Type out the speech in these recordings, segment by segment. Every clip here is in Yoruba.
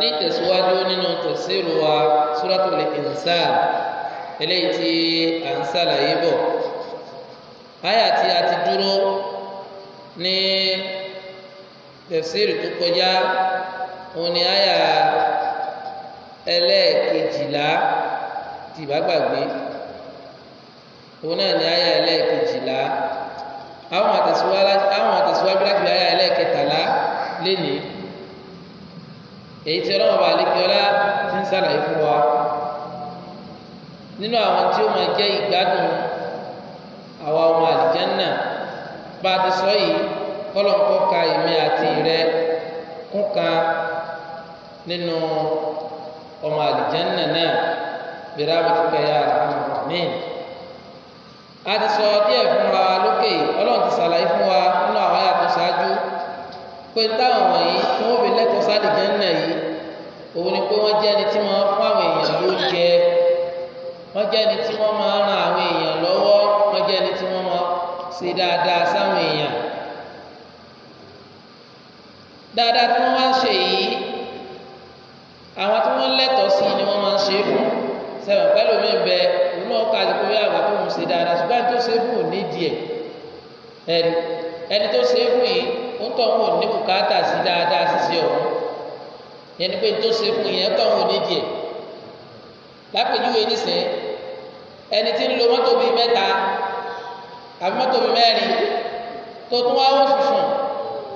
ní ìtẹ̀síwájú nínú tẹ̀síru wa suratul insan eléyìí tí à ń ṣàlàyé bọ̀ báyà tí a ti dúró ní tẹ̀síru tó kọjá òun ni àyà ẹlẹ́ẹ̀kejìlá tìbágbàgbé òun náà ni àyà ẹlẹ́ẹ̀kejìlá àwọn àtẹ̀síwájú láti àyà ẹlẹ́ẹ̀kẹtàlá lénìí èyí tí ọlọ́run bá lékè ọlá ti ń sàlàyé fún wa nínú àwọn tí ó máa jẹ́ ìgbádùn àwa ọmọ àlìjánná bá a ti sọ yìí kọ́lọ́nkọ́ ka èmi àti rẹ kún kan nínú ọmọ àlìjánná náà bẹ̀rẹ̀ àbùtúkẹ́ yà àmín. a ti sọ díẹ̀ fún wa lókè ọlọ́run ti sàlàyé fún wa nínú àwọn àyàtọ̀ ṣáájú pé táwọn wọ̀nyí tó àlìjẹ́nà yìí òun ni pé ẹni tí àwọn èèyàn lóúnjẹ ẹni tí máa ran àwọn èèyàn lọwọ ẹni tí máa ṣe dáadáa sáwọn èèyàn. dáadáa tí wá ṣe yìí àwọn tí sí ni máa ṣe fún mi bẹ òun náà kà á yẹn ni pé tó ṣe fún yẹn tó àwọn onídìí ẹ̀ lápèjúwe nísìnyí ẹni tí ń lo mọ́tò bíi mẹ́ta àbí mọ́tò bíi mẹ́rin tó tún wá wọ́n fùfùn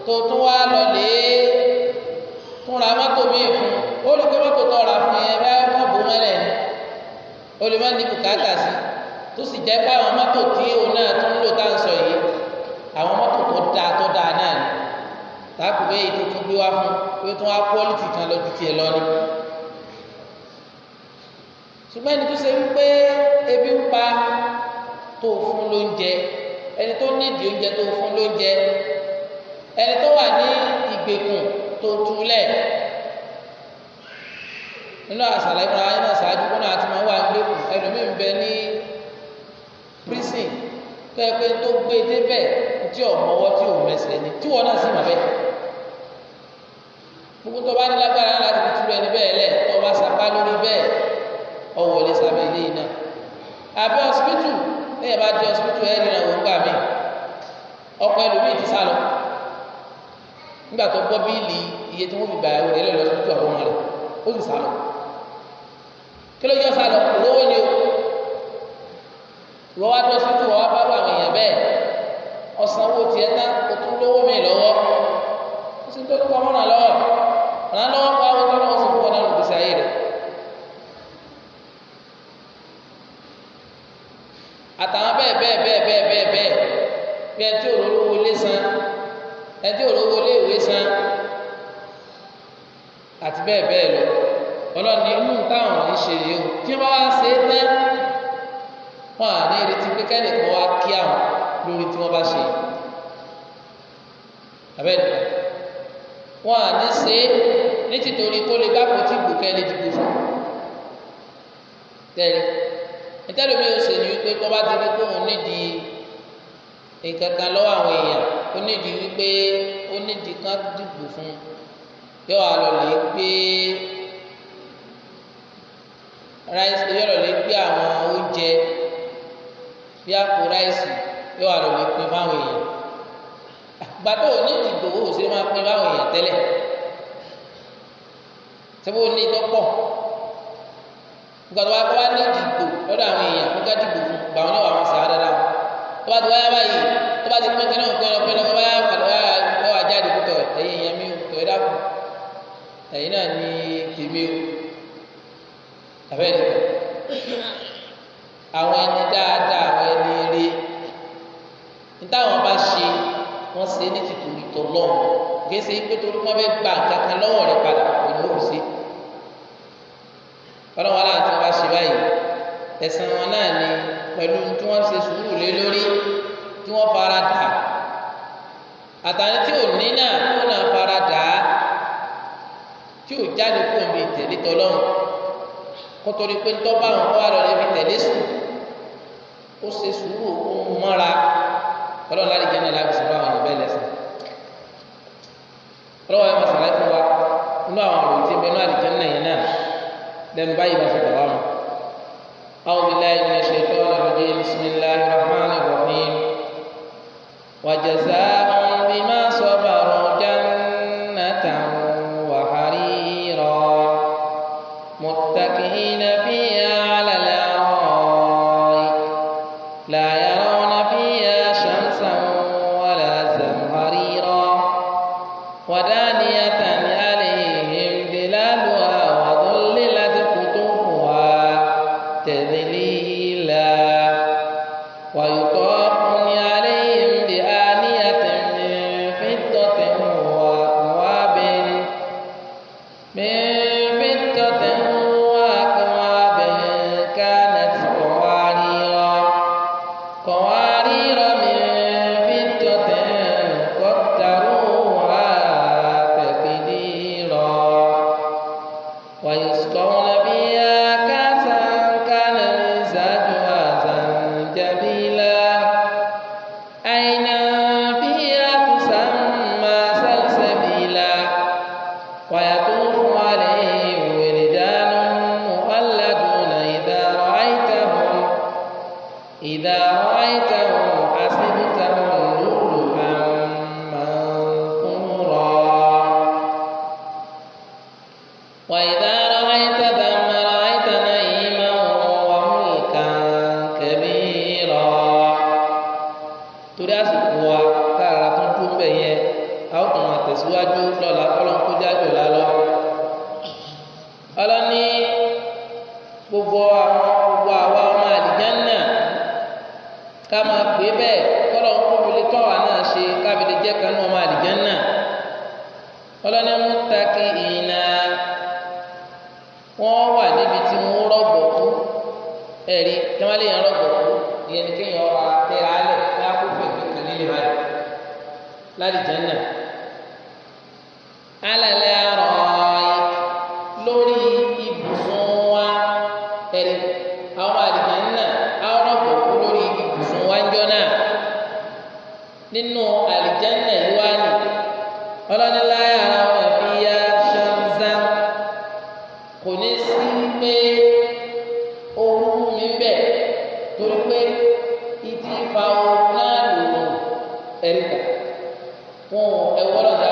tó tún wá lọ lé tún ra mọ́tò bíi fún ó lè pé mọ́tò tó ra fún yẹn bá wọ́n bò mọ́lẹ̀ ni ó ní bùkátà sí tó sì jẹ́ pé àwọn mọ́tò tí òun náà tún lò tá à ń sọ yìí àwọn mọ́tò tó dáa tó dáa náà ni tàbí bẹ́ẹ̀ tó tún gbé wá fún un yóò tún wá quality kan lójú tiẹ̀ lọ ni. ṣùgbọ́n ẹni tó ṣe wípé ebi ń pa tó fún lóúnjẹ ẹni tó nídìí oúnjẹ tó fún lóúnjẹ ẹni tó wà ní ìgbèkùn tó túlẹ̀ nínú àṣàlẹ̀ ìfúnra nínú àṣàájú kúnà àti máa wà gbẹ́kùn ẹlòmíín bẹ ní prison kẹ́ẹ̀pẹ́ tó gbé débẹ̀ tí ò mọ́wọ́ tí ò mẹsẹ̀ ni tí wọ́n náà sì mọ̀ bẹ́ẹ̀ gbogbo tó bá ní lágbára láti fi túbẹ̀ níbẹ̀ lẹ̀ tó bá sapá lórí bẹ́ẹ̀ ọwọ́ lè sábẹ́ ilé iná àbí ọsibítù lẹ́yìn bá di ọsibítù ẹ̀rí náà wọ́n gbà mí ọkọ ẹlòmíì ti sá lọ nígbà tó gbọ́ bíìlì iye tí wọ́n fi gbà ẹ̀rọ rẹ̀ lẹ́yìn lọ́sibítù àwọn ọmọ rẹ̀ ó sì sá lọ kí ló jọ sá lówó ni o wọ́n wá dọ́ sítú wọ́n wá bá bá àwọn èèyàn bẹ́ẹ̀ ọ̀sán owó tiẹ̀ ná o tún lówó mi lọ́wọ́ ó sì ń tó tó pamọ́ náà lọ́wọ́ ràn lọ́wọ́ pa àwọn tọ́lọ́wọ́ sọ fún wọn lọ́rùn gbèsè ayé rẹ̀ àtàwọn bẹ́ẹ̀ bẹ́ẹ̀ bẹ́ẹ̀ bẹ́ẹ̀ bẹ́ẹ̀ bẹ́ẹ̀ bí ẹni tí olówó lé san ẹni tí olówó lé ìwé san àti bẹ́ẹ̀ bẹ́ẹ̀ lọ ọlọ́ni inú táwọn ò ní ṣe yìí o tí wọ́n wá ṣe wọn à ní ṣe é ní tìtorí lè bá pòtí gbòkẹ́ lè dìbò fún tẹ́lẹ̀ ìtẹ́lẹ̀ mi ò ṣe ni wípé tó bá ti rí pé òun kan lọ́wọ́ àwọn èèyàn ó wípé ó kan dìbò fún yọ gbé ráìsì yọ gbàtọ́ ní ìdìbò ó ṣe máa pin báwọn èèyàn tẹ́lẹ̀ sẹ́wọ́n ó ní ìtọ́pọ̀ gbàtọ́ wa ní ìdìbò lọ́dọ̀ àwọn èèyàn kó ká dìbò fún gbà wọn ní àwọn sàá dáadáa tó bá ti wáyá báyìí tó bá ti pín kí náà pín ọpẹ́ lọ́wọ́ wáyá pàdé wáyá lọ́wọ́ àjáde kó tọ̀ ẹ̀yìn èèyàn mi tọ̀ ẹ̀ dákun ẹ̀yìn náà ní tèmi o tàbí ẹ̀ àwọn ẹni dáadáa àwọn ẹni rí ní táwọn wọ́n ṣe ní tìtorí tọ́lọ́run gẹ́sẹ̀ pé torí wọ́n fẹ́ gba kankan lọ́wọ́ rẹ̀ padà òní ò ṣe. ọlọ́wọ́ aláàtí wọn bá ṣe báyìí ẹ̀sán wọn náà ni pẹ̀lú tí wọ́n ṣe sùúrù lé lórí tí wọ́n fara dà àtàní tí ò ní náà wọ́n náà fara dà á tí ò jáde kó omi ìtẹ̀lé tọ́lọ́run kótóri pé ń tọ́ bá wọn kó wà lọ́ọ́ fi tẹ̀lé sùn ó ṣe sùúrù ó mọ́ra ọlọ́run láti jẹ́ náà láti sọ̀rọ̀ àwọn èèyàn bẹ́ẹ̀ lẹ́sìn ọlọ́run ẹ̀ máa ṣàlàyé fún wa nínú àwọn ọ̀rọ̀ tí ẹgbẹ́ náà lè jẹ́ náà yẹn náà lẹ́nu báyìí máa fi tọ̀ wá mu. أعوذ بالله من الشيطان الرجيم بسم الله الرحمن الرحيم وجزاء بما صبروا i lọ́la kọ́lọ́n kó já jọ̀la lọ. ọlọ́ni gbogbo àwọn ọmọ àdìján náà ká máa pè bẹ́ẹ̀ kọ́lọ́n kó náà se kábìlì jẹ́ kanú ọmọ àdìján náà. ọlọ́ni mú takí ìyìnà wọ́n wà níbi tí wọ́n kú wọ́n kú alàlẹ́ àrọ̀ ẹ̀ lórí ibùsùn wa ẹ̀rí àwọn àdìgbàn náà àwọn ọ̀pọ̀ kú lórí ibùsùn wa ń jọ náà nínú àlìjánná yìí wá ní ọlọ́nilá yàrá wọn yá ṣáńzá kò ní sí pé ooru mi bẹ̀ torí pé ìdí ìfà ooru náà lò ó ẹ̀rí kà wọn ẹ̀wọ́ lọ́dà.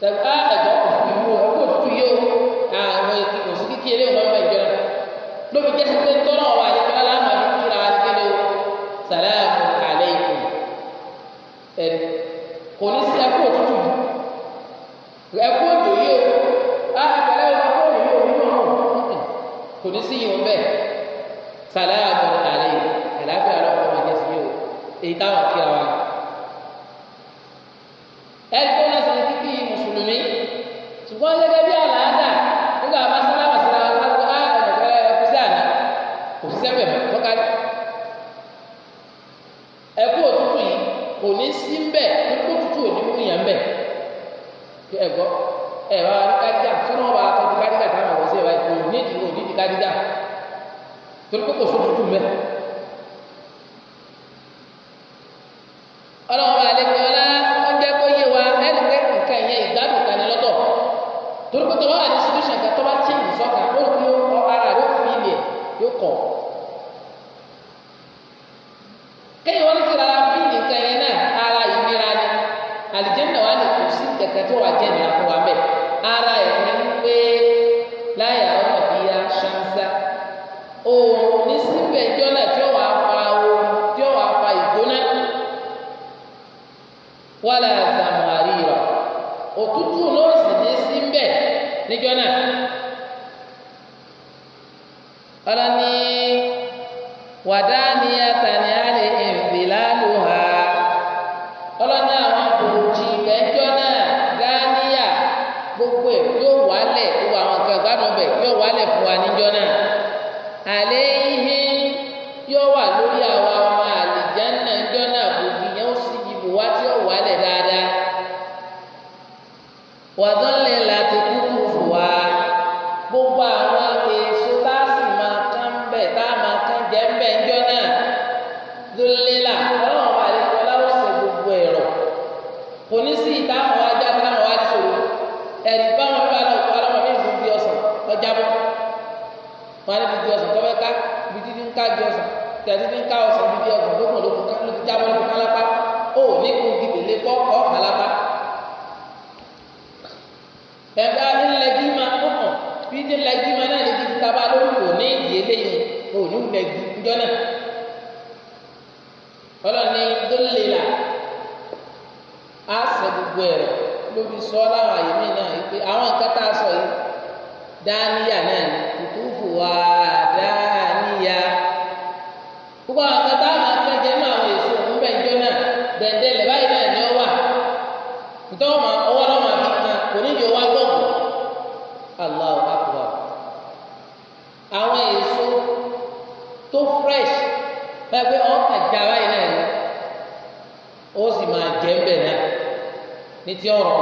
tẹ̀lé á ah, ẹ̀dọ́ ìwò ẹ̀kọ́ òtútù yìí o àwọn òsì kíkí eré wọn bẹ̀ jọ lóbi jẹ́ sí pé tọ́nà wà ní kíláàlá máa fi kíra wá sílé o sàlámù aláìkùm ẹ̀rí kò ní sí ẹ̀kọ́ òtútù yìí ẹ̀kọ́ òjò yìí o á ah, àgbàlá òjò kọ́ òjò yìí o nínú ọ̀hún kò ní sí ìwọ̀n bẹ́ẹ̀ sàlámù aláìkùm àlàáfíà lọ́kọ̀ọ́ máa jẹ́ sí yìí o èyí táwọn kíra wá ní. kò ní sí ń bẹ̀ kó tútù ò ní mú yàn bẹ̀ ẹ gbọ́ ẹ wá kádìjà tí wọ́n wá tọ́jú kádìjà táwọn àwọn ṣe wá kò ní ìdí kò ní ìdí kádìjà torí pé kò sí tútù mẹ́. ọlọ́run bá lé 做软件的 ẹgbẹ́ alẹ́lẹ́gí máa ń hàn bí ti lẹ́gí máa náà lè fi taba lórí kò ní ìdí eléyìí kò ní lẹ́gí ńjọ́ náà ọlọ́ni tó lè là á sẹ gbogbo ẹ̀rọ lóbi sọ láwọn àyè mí náà yìí pé àwọn nǹkan sọ yìí dáníyà náà kùtùfù wáá. dáadáa báyìí náà ni ó sì máa jẹ́ ń bẹ̀ náà ní ti ọ̀rọ̀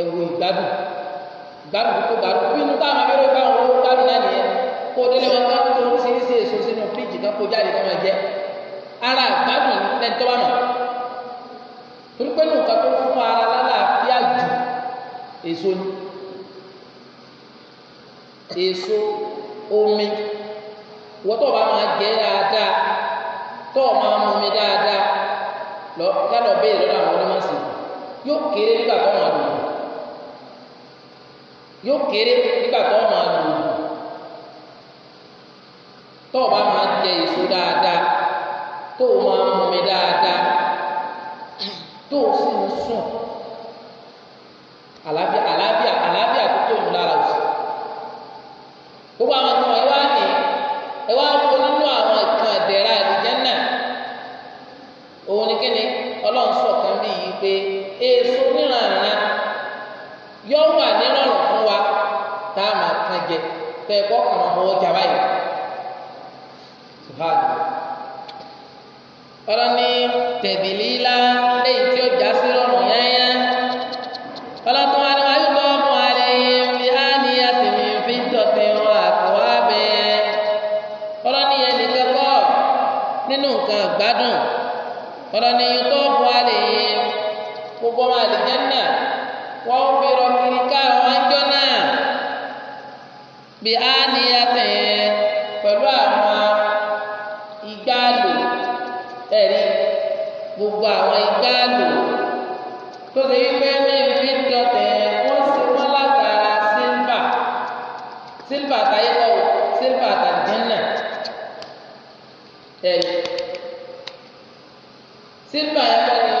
ẹ̀wù ìgbádùn ìgbádùn tó gbádùn bí inú táwọn abẹ́rẹ́ bá wọn ó gbádùn náà nìyẹn kó o délé wọn ká tó oríṣiríṣi èso sínú fíríjì kan kó jáde kan máa jẹ ara ìgbádùn lẹ́ni tó bá mọ̀ torí pé nǹkan tó fún ara lálàáfíà jù èso ni èso omi wọ́tọ̀ bá máa jẹ́ dáadáa kọ́ ọ máa mú mi dáadáa lọ lálọ́ béèrè lọ́dọ̀ àwọn onímọ̀sìn yóò kéré nígbà tó máa lò yóò kéré nígbà tó máa lò tó o bá máa jẹ èso dáadáa tó o máa mú mi dáadáa tó o sì ń sùn àlàáfíà àlàáfíà àlàáfíà tó tó ń lára òsì gbogbo àwọn ọmọ ẹ wá ní ẹ wá ní. pé kíni ọlọ́run sọ̀kan bí yìí pé èso níranran yọ wà nírọ̀rùn fún wa tá a máa kan jẹ tẹ ẹ̀kọ́ kan máa mọwọ́ jà báyìí. Subhanahu. ọlọ́ni tẹ̀bìlì láà. ọlọ́ni tó bu alẹ́ yìí gbogbo ọmọ àlìjẹ́nà wọ́n ń fi rọ kiri ká àwọn ẹjọ́ náà bí a ní atẹ̀ yẹn pẹ̀lú àwọn igbáàlò ẹ̀rí gbogbo àwọn igbáàlò tó ṣe wípé ní fi ń dọ̀tẹ̀ wọ́n sì wọ́n látara sílvà sílvà táyé sílvà tàjẹ́nà ẹ̀rí sígbà yẹn bá ní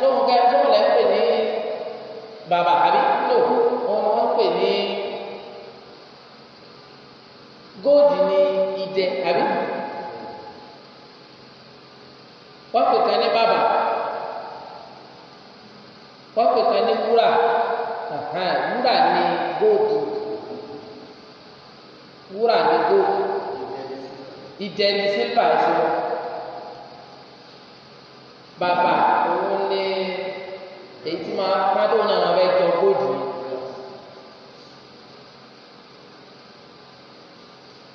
tóun ká tóun lẹ́ ń pè ní bàbá àbí lò wọn wọ́n pè ní góòdì ní ìdẹ àbí wọ́n pè kan ní bàbá wọ́n pè kan ní wúrà wúrà ní góòdì wúrà ní góòdì ìdẹ ní sígbà yẹn sí bàbà òun ní èyí tí máa pàdé òun náà máa fẹ́ jọ góòdù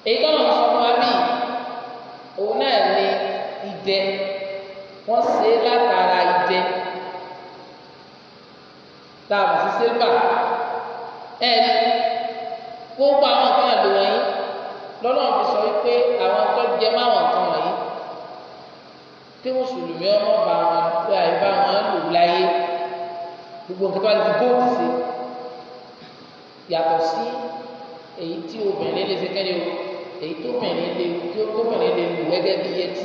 èyí tó náà sọ fún wa bíi òun náà ní ìdẹ wọ́n ṣe é látara ìdẹ tá a bọ̀ sí sílvà ẹ gbogbo àwọn nǹkan àlò wọ̀nyí lọ́nà fi wípé àwọn tó jẹ máwọn kan tí mùsùlùmí ọmọ bá wọn gbé àyíká wọn lò láyé gbogbo nǹkan tó wà ní góòtù sí yàtọ̀ sí èyí tí obìnrin lè ṣe kẹ́lẹ́ o èyí tó bìnrin lè tó tóbìnrin lè lò gẹ́gẹ́ bí yẹtí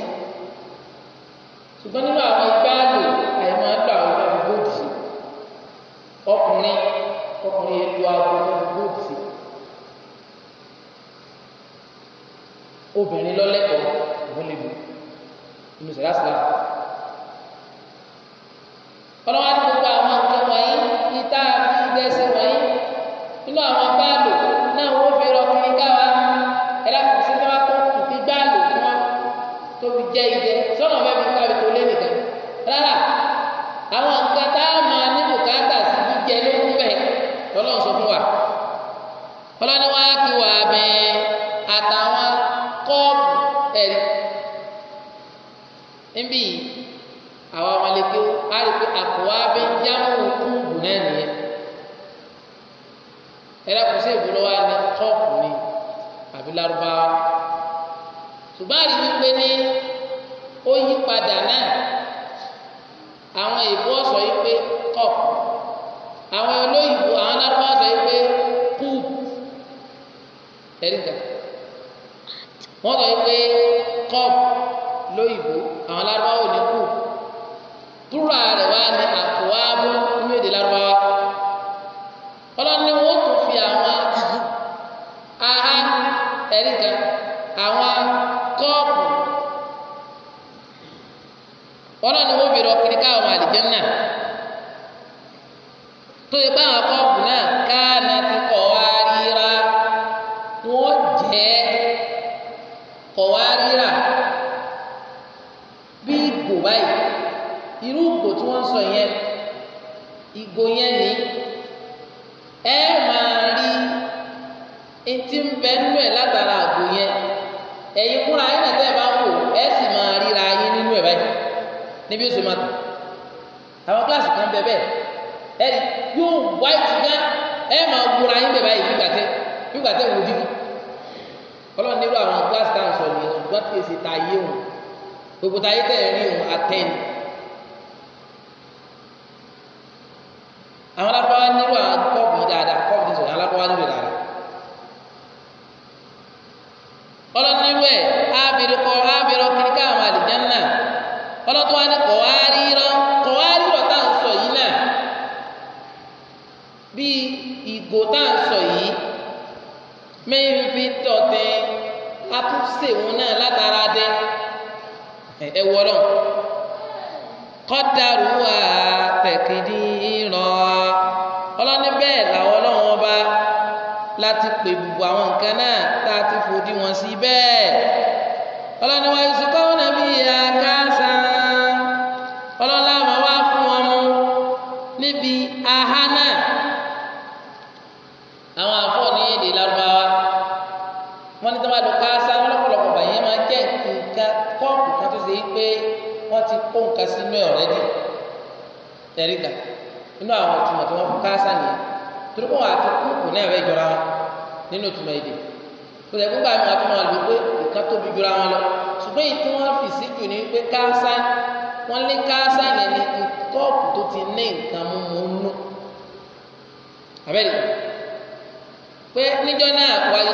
ṣùgbọ́n nínú àwọn igbá lò àyè máa ń lò àwọn ọmọ góòtù sí ọkùnrin ọkùnrin yẹn lo àwọn ọmọ góòtù sí obìnrin lọ́lẹ́kọ̀ọ́ òun lè lò nínú sẹ̀dá sílá. ọlọ́wọ́ ti gbogbo àwọn nǹkan wọ̀nyí ìta àti ìdẹ́sẹ̀ wọ̀nyí nínú àwọn báàlù náà wọ́n fi rọ kiri káwa ẹ̀dá kò sí káwá tó ìfi gbáàlù fún wọn tó fi jẹ́ ìdẹ sọ́nà bẹ́ẹ̀ fi káwé tó lé nìkan rárá àwọn nǹkan tá a máa ní bùkátà sí jíjẹ ló kú bẹ́ẹ̀ lọ́lọ́run fún wa ọlọ́ni wá kí wàá bẹ́ẹ̀ àtàwọn. Apụwa jámù ya náà nìyẹn ẹ̀rọ kò sí ìbúlọ́ wa ní ni àbí lárúbáwá ṣùgbọ́n àrí wípé ní padà náà àwọn ìbú ɔsɔ yi pé tọ́ọ̀kù àwọn olóyìnbó àwọn lárúbáwá sọ yìí pé kúùbù ẹ̀ríkà pé lóyìnbó àwọn plural rẹ̀ wá ní àpòwábú inú èdè lárúbáwá ọlọ́run ni wọ́n fi àwọn aha ẹ̀rí àwọn kọ́ọ̀pù ọlọ́run ni wọ́n fi káwọn àlìjẹ́ náà tó níbi oṣù máa tàn àwọn kíláàsì kan bẹ bẹ́ẹ̀ ẹ yóò wáìtì gán ẹ máa wúra yín bẹ báyìí nígbà tẹ nígbà tẹ wò dídí ọlọ́run nílò àwọn kíláàsì tá à ń sọ nìyẹn ṣùgbọ́n tí èsì ta yé wọn gbogbo ta yé tẹ̀ rí wọn àtẹ́ni. àwọn alábọ́wá nílò àwọn kọ́ọ̀bù yìí dáadáa kọ́ọ̀bù yìí sọ̀rọ̀ alábọ́wá nílò dáadáa. ọlọ́run nílò ẹ̀ ábìrì kọ́ ábìrì tún wá ní kọ̀wárí rán kọ̀wárí rọ̀ tá à ń sọ yìí náà bíi ìgò tá à ń sọ yìí mẹ́rin fi tọ̀tẹ̀ apúṣe náà látara dẹ́ ẹ wọ kọ́dàrú wa tẹ̀kìdí rán ọlọ́ni bẹ́ẹ̀ làwọn ọlọ́run ọba láti pè bùbù àwọn nǹkan náà tá a ti fòdí wọn sí bẹ́ẹ̀ ọlọ́ni wa yìí sùkọ́ ọ̀nà bíi àká. tọ́ka sínú ẹ̀ ọ̀rẹ́dì ẹ̀ríkà nínú àwọn ìtumọ̀ tí wọ́n fún káásá nìyẹn torí pé wọn àti kúkú náà fẹ́ jọra wọn nínú ìtumọ̀ èdè kò tẹ̀ fún báyìí wọn àti wọn lò pé ìkan tóbi jọra wọn lọ ṣùgbọ́n èyí tí wọ́n fi sí jù ní pé káásá wọ́n lé káásá yẹn ní kọ́ọ̀pù tó ti ní nǹkan mímu nú abẹ́rẹ́ pé níjọ́ náà wáyé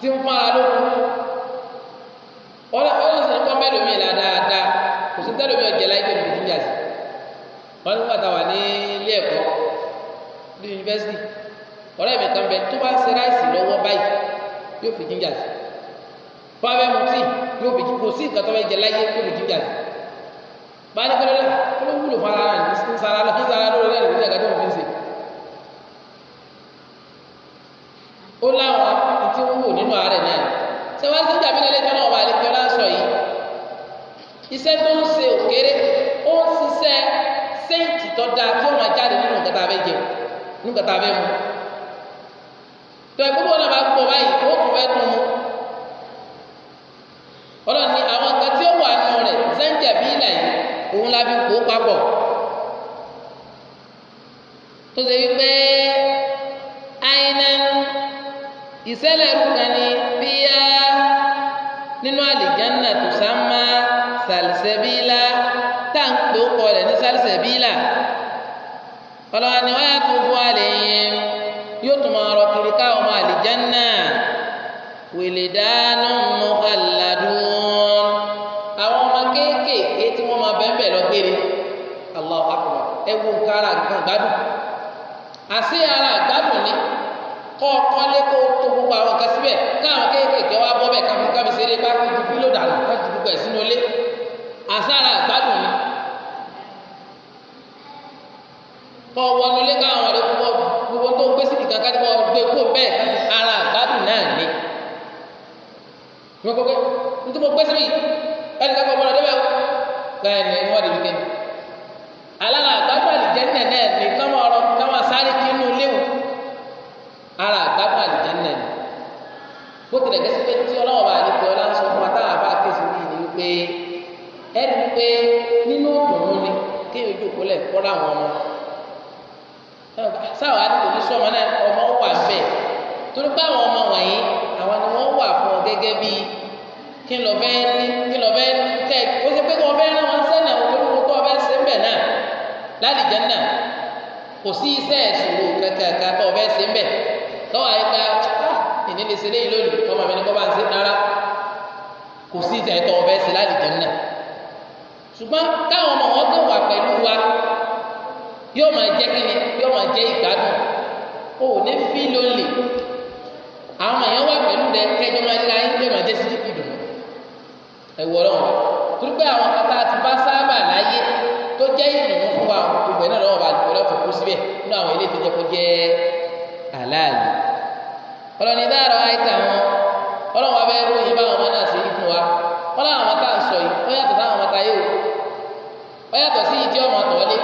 tí ń fara lókun ọlọ́ ọlọ́ sì ń pọ́n mẹ́lòmíì là dáadáa kò sí tẹ́lómi ọ̀jẹ̀ láì pẹ̀lú ìdíjà sí wọ́n ní pàtàkì wà ní ilé ẹ̀kọ́ ní yunifásitì ọ̀rẹ́ mi kan bẹ tó bá ń ṣe ráìsì lọ́wọ́ báyìí yóò fi jíjà sí bá bẹ́ẹ̀ mu tíì yóò fi kò sí nǹkan tó bẹ́ẹ̀ jẹ láyé yóò fi jíjà sí bá a ní kọ́lọ́lá kó ló wúlò fún ara rẹ̀ ní sára lọ́wọ́ sára lọ́wọ́ lẹ́yìn ìgbésẹ̀ ó láwọn tí ń wò nínú àárẹ̀ náà sẹ́wọ́n ti ń dàbí lẹ́lẹ́ tó náà wà lẹ́kẹ́ ọlá sọ yìí iṣẹ́ tó ń ṣe òkèrè ó ń ṣiṣẹ́ séǹtì tó dáa tó máa jáde nínú nǹkan tá a fẹ́ jẹ nínú nǹkan tá a fẹ́ mu tó ẹ̀ gbogbo náà bá gbọ́ báyìí ó kò fẹ́ tún mu ọlọ́run ní àwọn nǹkan tí ó wà nù rẹ̀ sẹ́ńtẹ̀ bí ilẹ̀ yìí òun la fi kó papọ̀ tó ṣe wípé ìṣẹ̀lẹ̀ ẹrú kan ní bíyá nínú àlìjánná tó sámá sàlìsẹbílà tá à ń pè ó kọ rẹ̀ ní sàlìsẹbílà ọlọ́wà ni wọ́n yà tó bọ́ àlè yẹn yóò tún máa rọ kiri ká ọmọ àlìjánná wèlè dáná mọ́ àlàdún àwọn ọmọ kéékèèké tí wọ́n máa bẹ́ẹ̀ bẹ́ẹ̀ lọ gbére Allahu akbar ẹ wo nǹkan ara ara gbàdùn ni kọ́ kọ́lé kó tó gbogbo àwọn nǹkan síbẹ̀ káwọn kéékèèké wá bọ́ bẹ́ẹ̀ káfíń káfíń ṣeré bá kó ju kílò dànù kó ju gbogbo ẹ̀ sínú ilé àsára àgbádùn ni kọ́ wọnú ilé káwọn ọ̀rẹ́ kó kò sí ìtẹ̀tọ̀ ọ̀bẹ sí lálejò náà ṣùgbọ́n táwọn ọmọ wọn kàn wà pẹ̀lú wa yóò máa jẹ́ kíni yóò máa jẹ́ ìgbádùn o ò ní fi lónìí àwọn ọmọ yẹn wà pẹ̀lú rẹ kẹjọ máa la yín yóò máa jẹ́ sí ìdùnnú ẹ wọ ọlọ́run torí pé àwọn kata ti bá sábà láyé tó jẹ́ ìdùnnú fún wa gbogbo ẹ̀ náà lọ́wọ́ bá lọ́wọ́ fi kú síbẹ̀ nínú àwọn ilé tó jẹ́ kó jẹ́ àlàálì ọlọ́ni dáàrọ̀ àìtàn wọn ọlọ́run wa bẹ́ẹ̀ ròyìn báwọn ọmọ náà ṣe yí fún wa wọ́n láwọn ọmọ tá à ń sọ yìí wọ́n yàtọ̀ sáwọn ọmọ tá yé o wọ́n yàtọ̀ sí ìdí ọmọ tọ́lé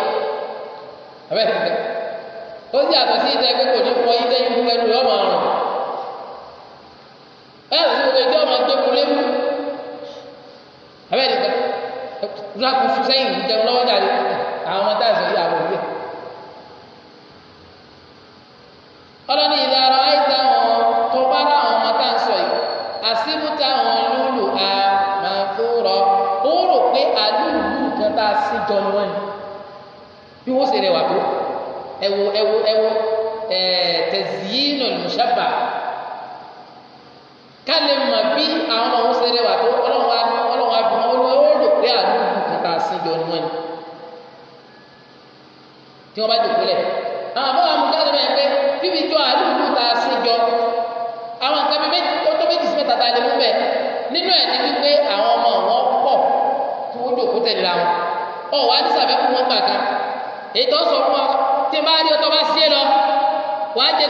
abẹ́ẹ̀ tẹ̀tẹ̀ ó sì yàtọ̀ sí ìdí ẹgbẹ́ kò ní fún ọyí dẹ́yìn fún ẹnu ọmọ ọ̀rùn wọ́n yàtọ̀ sí gbogbo ìdí ọmọ tó kú léwu abẹ́ẹ̀ tẹ̀tẹ̀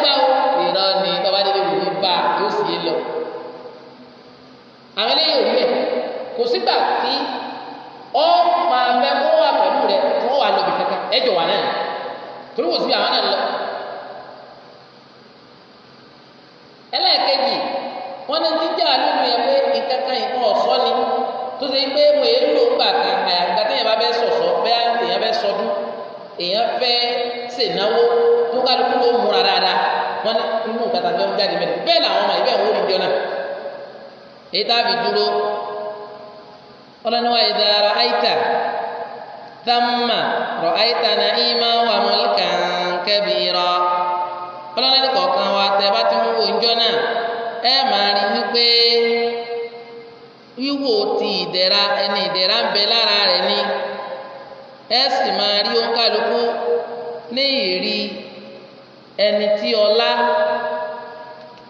gbà ó ìran ni tọ́ba délé wò ní bá yóò sì é lọ. àwọn eléyìí òbí ẹ̀ kò sígbà tí ọ máa fẹ́ kó wà pẹ̀lú rẹ̀ kó wà lọ́bì kankan ẹ jọ wà náà torí kò sí àwọn náà lọ. ẹlẹ́ẹ̀kejì wọ́n ní jíjà lónìí ẹ̀ pé nǹkan kan nǹkan ọ̀sọ́ ni tó ṣe pé mo èé lò ń gbà kan àyàgbà téèyàn bá fẹ́ sọ̀sọ́ bẹ́ẹ̀ èèyàn fẹ́ sọdún èèyàn fẹ́ ṣènáwó kó kálukú tó múra dáadáa wọn ní inú kàtà tó ń jáde mẹ́rin bẹ́ẹ̀ làwọn ọmọ ìbẹ́ ìwúrí jọ náà èyí tá a fi dúró ọlọ́niwá ìdára àìtà tàmà rọ àìtà na ìmá wà mọ́lìkà kẹ́bi irọ́ ọlọ́ni kọ̀ọ̀kan wa tẹ bá ti ń wo ìjọ náà ẹ máa rí wípé wíwò ti ìdẹ̀ra ẹni ìdẹ̀ra ń bẹ lára rẹ̀ ni ẹ sì máa rí ó ń ní ìrí. ẹni tí ọlá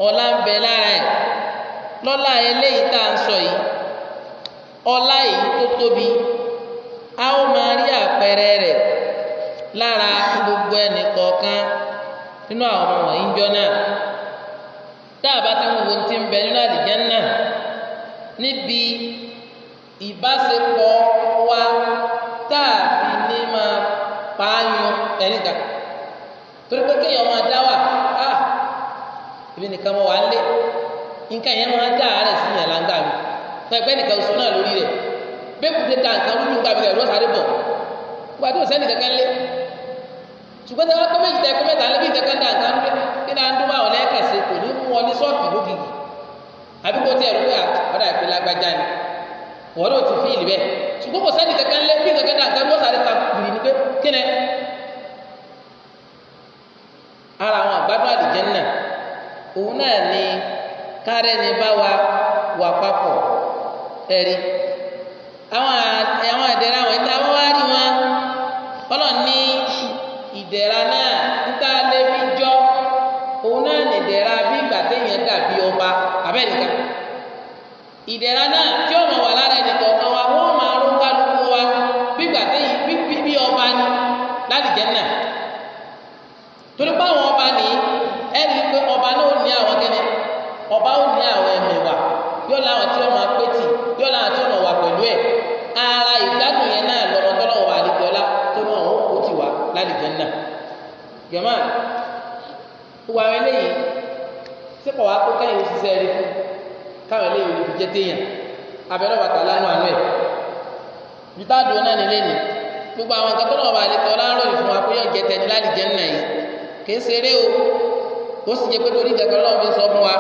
ọlá ń bẹ lára ẹ̀ lọ́lá eléyìí tá à ń sọ yìí ọlá yìí tó tóbi a ó máa rí àpẹẹrẹ rẹ̀ lára gbogbo ẹnì nínú àwọn ọmọ náà tá bá ti ń wo wa tá a fi ní máa torí pé kéèyàn máa dá wà á ah, ibi nìkan mọ wà á lé nǹkan yẹn máa dá àárẹ̀ sí yàn láńgbà mi fún ẹgbẹ́ nìkan oṣù náà lórí rẹ̀ bẹ́ẹ̀ kùtè ta nǹkan rúdùn gbàgbé rẹ̀ lọ́sàárẹ̀ bọ̀ wọ́n àti òsẹ́ni kankan lé ṣùgbọ́n tẹ́wọ́n pé méjì tẹ́kọ́ mẹ́ta lẹ́bí kankan dá nǹkan rúdùn kí náà ń dún báwọn lẹ́ẹ̀kan ṣe kò ní mú ọ ní sọ́ọ̀kì lógìkì àbí kò tẹ̀ rúwẹ́ ọ̀dà ìpè lágbájá ni wọ́n ló ti fíìlì bẹ́ẹ̀ ṣùgbọ́n kò sẹ́ni kankan lẹ́bí kankan dá ara àwọn àgbàdo àlìjẹ́nà òun náà ni kárẹ́ni bá wa wà papọ̀ ẹ̀rí àwọn àwọn ìdẹ̀ra ìta wọ́n wá rí wọn ọlọ́run ní ìdẹ̀ra náà níta lé fi jọ òun náà ní ìdẹ̀ra bí ìgbà ọba ìdẹ̀ra ọba ò ní àwọn ẹmẹ̀wà yóò láwọn tí wọn máa pé tì yóò láwọn tí wọn máa wà pẹ̀lú ẹ̀ ara ìgbádùn yẹn náà lọ́mọ tọ́lọ́wọ́ àlejòọ́lá tó náà ó kó tì wá lálejò náà jọ̀mọ́ wà wọn eléyìí sípò wá kó kẹ́yìn òṣìṣẹ́ rí fún káwọn eléyìí olùkú jẹ́ téèyàn abẹ́rẹ́ bàtà lánàá àánú ẹ̀ bíta dùn náà nílé ni gbogbo àwọn nǹkan tọ́lọ́wọ́ àlejòọ́lá ń ròyìn fún wa pé yóò jẹ tẹ̀lé lálejò náà yìí kì í ṣeré o ó sì jẹ pé torí ìjàgbọ́n lọ́wọ́ fi sọ fún wa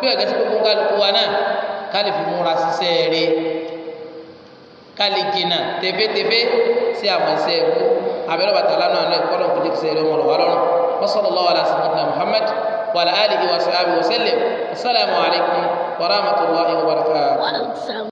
bí ọ̀gá sí gbogbo kálukú wa náà kálí fi múra sísẹ́ rẹ̀ kálí jìnnà tẹ́fẹ́tẹ́fẹ́ sí àwọn ẹsẹ̀ ẹ̀kú abẹ́rẹ́ bàtà lánàá náà kọ́ lọ́n kúlẹ̀ kìsẹ́ rẹ̀ mọ̀rọ̀ wá lọ́rùn wasalaamu ala sayyidina muhammad wa ala alihi wa sahbihi wa sallam asalaamu alaykum wa rahmatulahi wa barakatuh.